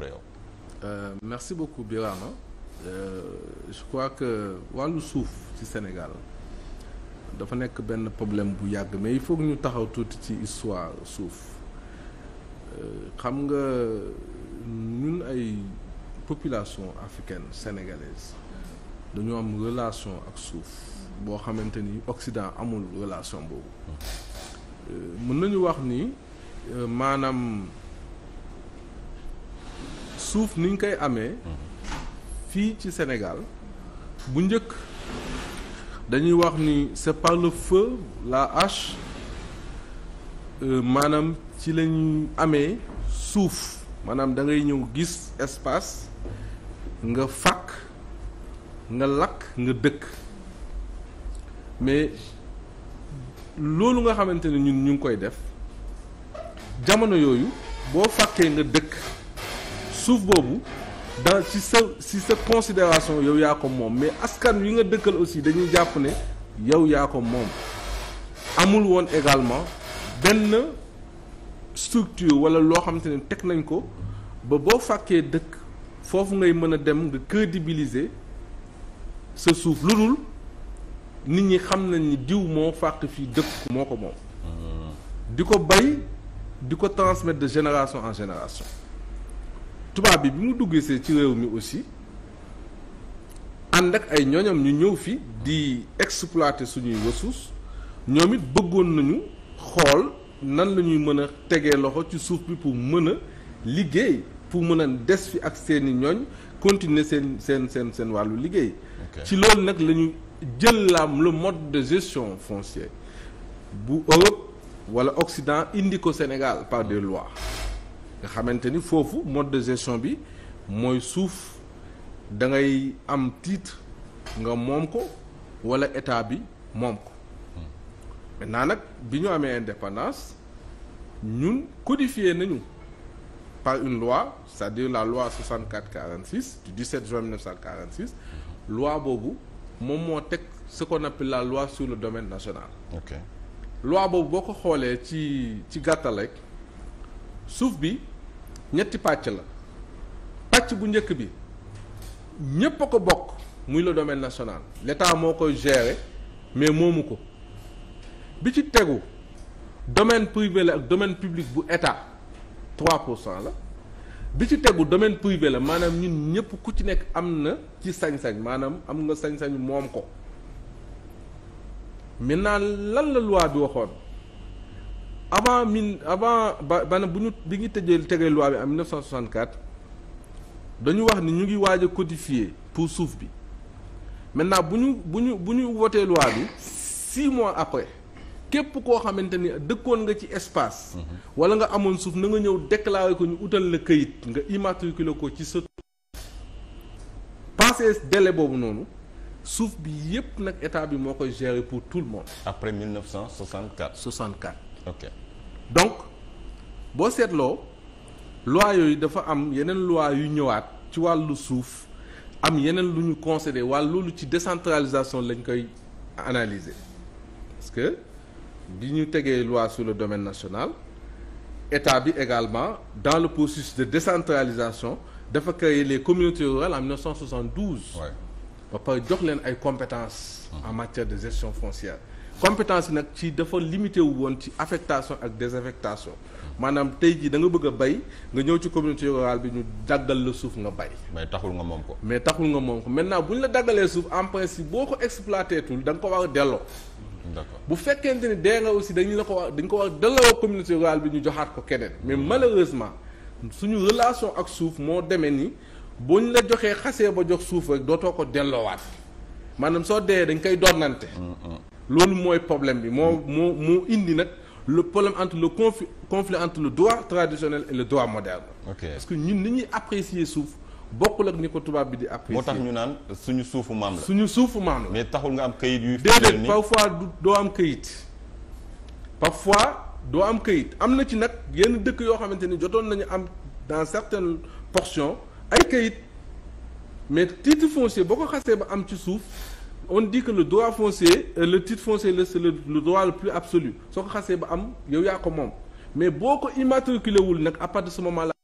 d'après yow. Euh, merci beaucoup Birama euh, je crois que wàllu suuf ci Sénégal dafa nekk benn problème bu yàgg mais foog ñu taxaw tuuti ci histoire suuf euh, xam nga ñun ay population africaine sénégalaise dañoo am relation ak suuf boo xamante ni Occident amul relation boobu euh, mën nañu wax ni maanaam. suuf niñ koy amee fii ci Sénégal bu njëkk dañuy wax ni c'est par le feu la hache euh, maanaam ci la amee suuf maanaam da ngay ñëw gis espace nga fàkk nga lakk nga dëkk mais loolu nga xamante ne ñun ñu ngi koy def jamono yooyu boo fàkkee nga dëkk suuf boobu dans si sa si sa considération yow yaa ko moom mais askan wi nga dëkkal aussi dañuy jàpp ne yow yaa ko moom amul woon également benn structure wala loo xamante ne teg nañ ko ba boo fàkkee dëkk foofu ngay mën a dem nga crédibiliser sa suuf lu dul nit ñi xam nañ ni diw moo fàq fii dëkk moo ko moom hmm. di ko bay di ko transmettre de génération en génération tubaab bi bi mu duggsee ci réew mi aussi ànd ak ay ñooñam ñu ñëw fii di exploiter suñuy ressources ñoom it bëggoon nañu xool nan la ñuy mën a tegee loxo ci suuf bi pour mën a liggéey pour mën a des fi ak seeni ñooñ continuer seen seen seen seen wàllu liggéey ci loolu nag la ñu jël laam le mode de gestion foncière bu Europe wala Occident indi ko Sénégal par de lois nga xamante ni foofu mode de gestion bi mooy suuf da ngay am titre nga moom ko wala état bi moom ko naa nag bi ñu amee indépendance ñun codifier nañu par une loi c'est-à-dire la loi 64-46 du 17 juin 1946 loi boobu moom moo teg ce qu'on appelle la loi sur le domaine national ok loi boobu boo ko xoolee ci ci gàttal rek suuf bi ñetti pàcc la pàcc bu njëkk bi ñépp a ko bokk muy la domaine national l'État moo koy gérer mais moomu ko bi ci tegu domaine privé la ak domaine public bu état 3 pour cent la bi ci tegu domaine privé la maanaam ñun ñëpp ku ci nekk am na ci sañ-sañ maanaam am nga sañ-sañ moom ko maintenant lan la loi bi waxoon avant mille avant ba bana bu ñu bi ngi tëjee tegee loi bi en 1964 dañu wax ni ñu ngi waaj a codifier pour suuf bi maintenant bu ñu bu ñu bu ñu wotee loi bi six mois après képp koo xamante ni dëkkoon nga ci espace. Mhm. wala nga amoon suuf na nga ñëw déclarer ko ñu utal la kayit nga immatriculer ko ci sa. passé délai boobu noonu suuf bi yépp nag état bi moo koy gérer pour tout le monde. après 1964. 64. ok donc boo seetloo loi yooyu dafa am yeneen loi yu ñëwaat ci wàllu suuf am yeneen lu ñu considéré wala loolu ci décentralisation lañ koy analyser parce que bi ñu tegee loi sur le domaine national état bi également dans le processus de décentralisation dafa ko les communautés rurales en 1972. ba pare jox leen ay compétences. en matière de gestion foncière. compétence nag ci dafa limité wu woon ci affectation ak désaffectation maanaam tey jii da nga bëgg a bay nga ñëw ci communauté rurale bi ñu daggal la suuf nga bay. mais taxul nga moom ko. mais taxul nga moom ko maintenant bu ñu la daggalee suuf en principe boo ko exploité tul ko war delloo. d'accord bu fekkente ni dee nga aussi dañu la ko war dañ ko war a delloo communauté rurale bi ñu joxaat ko keneen. mais mm-hmm. malheureusement suñu relation ak suuf moo demee ni bu ñu la joxee xasee ba jox suuf rek dootoo ko delloowaat maanaam soo dee dañ koy donnante. Mm-hmm. loolu mooy problème bi moo moo moo indi nag le problème entre le conflit entre le droit traditionnel et le droit moderne. Okay. parce que ñun ni ñuy apprécier suuf bokkul ak ni ko tubaab bi di apprécier. moo tax ñu naan suñu suufu maam la suñu suufu maam la. mais taxul nga am kayit yu. déedéet parfois du doo am kayit parfois doo am kayit am na ci nag yenn dëkk yoo xamante ni jotoon nañu am dans certaines portions ay kayit mais titre foncier boo ko xasee ba am ci suuf. on dit que le droit foncier euh, le titre foncier la c'est le le droit le plus absolu soo ko xasee ba am yow yaa ko moom mais boo ko immatriculé wul nag à partir de